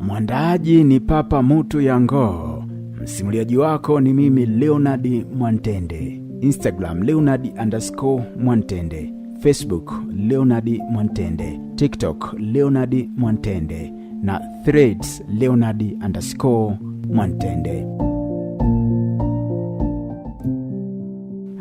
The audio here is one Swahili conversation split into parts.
Mwandaaji ni Papa Mutu ya ngoo msimuliaji wako ni mimi Leonard Mwantende. Instagram Leonard underscore Mwantende, Facebook Leonard Mwantende, TikTok Leonard Mwantende na Threads Leonard underscore Mwantende.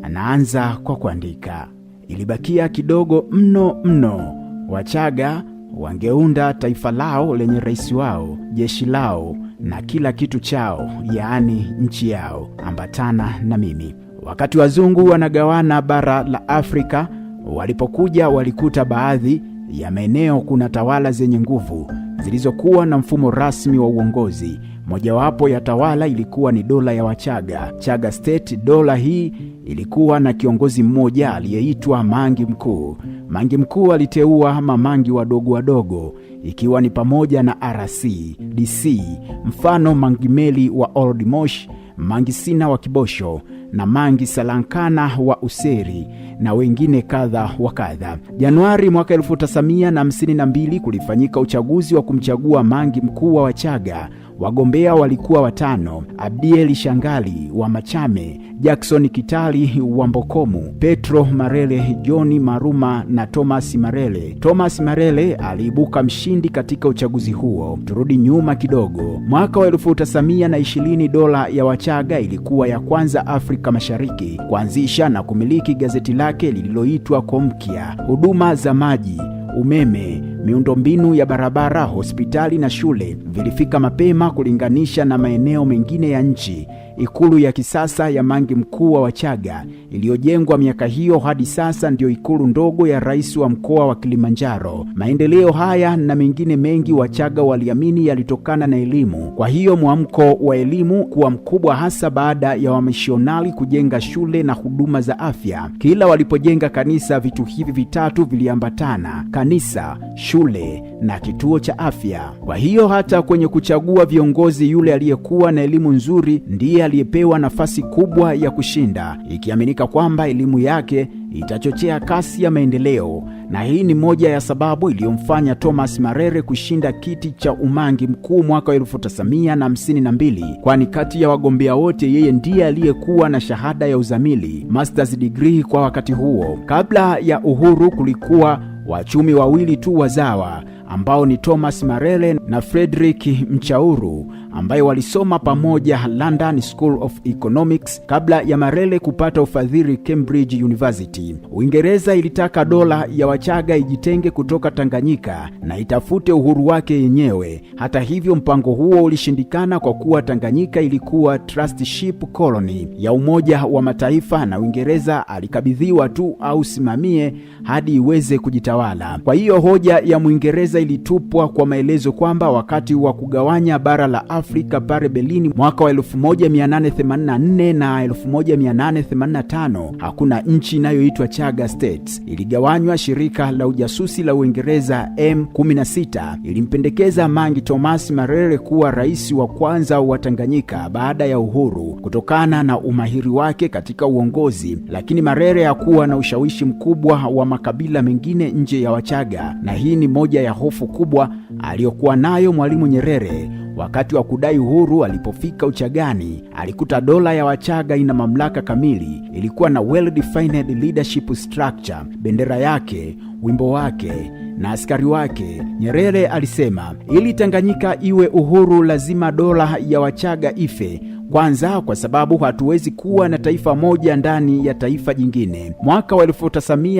Anaanza kwa kuandika ilibakia kidogo mno mno. Wachaga wangeunda taifa lao lenye rais wao, jeshi lao na kila kitu chao, yaani nchi yao. Ambatana na mimi. Wakati wazungu wanagawana bara la Afrika, walipokuja walikuta baadhi ya maeneo kuna tawala zenye nguvu zilizokuwa na mfumo rasmi wa uongozi. Mojawapo ya tawala ilikuwa ni dola ya Wachaga, Chaga State. Dola hii ilikuwa na kiongozi mmoja aliyeitwa Mangi Mkuu. Mangi Mkuu aliteua mamangi wadogo wadogo, ikiwa ni pamoja na RC, DC, mfano Mangi Meli wa Old Mosh, Mangi Sina wa Kibosho na Mangi Salankana wa Useri na wengine kadha wa kadha. Januari mwaka 1952 kulifanyika uchaguzi wa kumchagua Mangi Mkuu wa Wachaga Wagombea walikuwa watano: Abdiel Shangali wa Machame, Jackson Kitali wa Mbokomu, Petro Marele, John Maruma na Thomas Marele. Thomas Marele aliibuka mshindi katika uchaguzi huo. Turudi nyuma kidogo, mwaka wa elfu tisa na ishirini, dola ya Wachaga ilikuwa ya kwanza Afrika Mashariki kuanzisha na kumiliki gazeti lake lililoitwa Komkia. Huduma za maji, umeme miundombinu ya barabara, hospitali na shule vilifika mapema kulinganisha na maeneo mengine ya nchi Ikulu ya kisasa ya Mangi mkuu wa Wachaga iliyojengwa miaka hiyo hadi sasa ndiyo ikulu ndogo ya rais wa mkoa wa Kilimanjaro. Maendeleo haya na mengine mengi Wachaga waliamini yalitokana na elimu. Kwa hiyo mwamko wa elimu kuwa mkubwa, hasa baada ya wamishionari kujenga shule na huduma za afya. Kila walipojenga kanisa, vitu hivi vitatu viliambatana: kanisa, shule na kituo cha afya. Kwa hiyo hata kwenye kuchagua viongozi, yule aliyekuwa na elimu nzuri ndiye aliyepewa nafasi kubwa ya kushinda, ikiaminika kwamba elimu yake itachochea kasi ya maendeleo, na hii ni moja ya sababu iliyomfanya Thomas Marere kushinda kiti cha Umangi Mkuu mwaka 1952, kwani kati ya wagombea wote yeye ndiye aliyekuwa na shahada ya uzamili masters degree kwa wakati huo. Kabla ya uhuru kulikuwa wachumi wawili tu wazawa ambao ni Thomas Marele na Frederick Mchauru ambayo walisoma pamoja London School of Economics kabla ya Marele kupata ufadhili Cambridge University. Uingereza ilitaka dola ya Wachaga ijitenge kutoka Tanganyika na itafute uhuru wake yenyewe. Hata hivyo, mpango huo ulishindikana kwa kuwa Tanganyika ilikuwa trusteeship colony ya Umoja wa Mataifa na Uingereza alikabidhiwa tu au simamie hadi iweze kujitawala. Kwa hiyo hoja ya Mwingereza ilitupwa kwa maelezo kwamba wakati wa kugawanya bara la Afrika pale Berlin mwaka wa 1884 na 1885. Hakuna nchi inayoitwa Chaga States. Iligawanywa. Shirika la ujasusi la Uingereza M16 ilimpendekeza Mangi Thomas Marere kuwa rais wa kwanza wa Tanganyika baada ya uhuru kutokana na umahiri wake katika uongozi, lakini Marere hakuwa na ushawishi mkubwa wa makabila mengine nje ya Wachaga, na hii ni moja ya hofu kubwa aliyokuwa nayo Mwalimu Nyerere. Wakati wa kudai uhuru alipofika Uchagani, alikuta dola ya Wachaga ina mamlaka kamili, ilikuwa na well defined leadership structure, bendera yake, wimbo wake na askari wake. Nyerere alisema ili Tanganyika iwe uhuru lazima dola ya Wachaga ife. Kwanza kwa sababu hatuwezi kuwa na taifa moja ndani ya taifa jingine. Mwaka wa elfu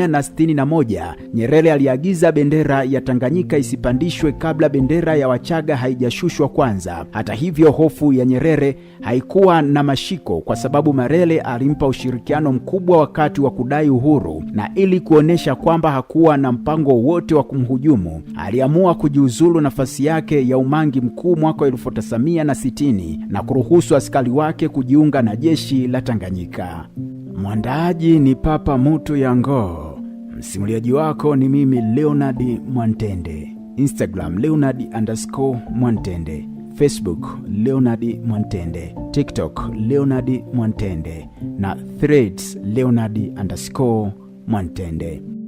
na na moja Nyerere aliagiza bendera ya Tanganyika isipandishwe kabla bendera ya Wachaga haijashushwa kwanza. Hata hivyo, hofu ya Nyerere haikuwa na mashiko kwa sababu Marele alimpa ushirikiano mkubwa wakati wa kudai uhuru, na ili kuonesha kwamba hakuwa na mpango wote wa kumhujumu, aliamua kujiuzulu nafasi yake ya umangi mkuu mwaka wa elfu na sitini na kuruhusu askari askari wake kujiunga na jeshi la Tanganyika. Mwandaaji ni Papa Mutu Yango, msimuliaji wako ni mimi Leonard Mwantende. Instagram Leonard underscore Mwantende, Facebook Leonard Mwantende, TikTok Leonard Mwantende na Threads Leonard underscore Mwantende.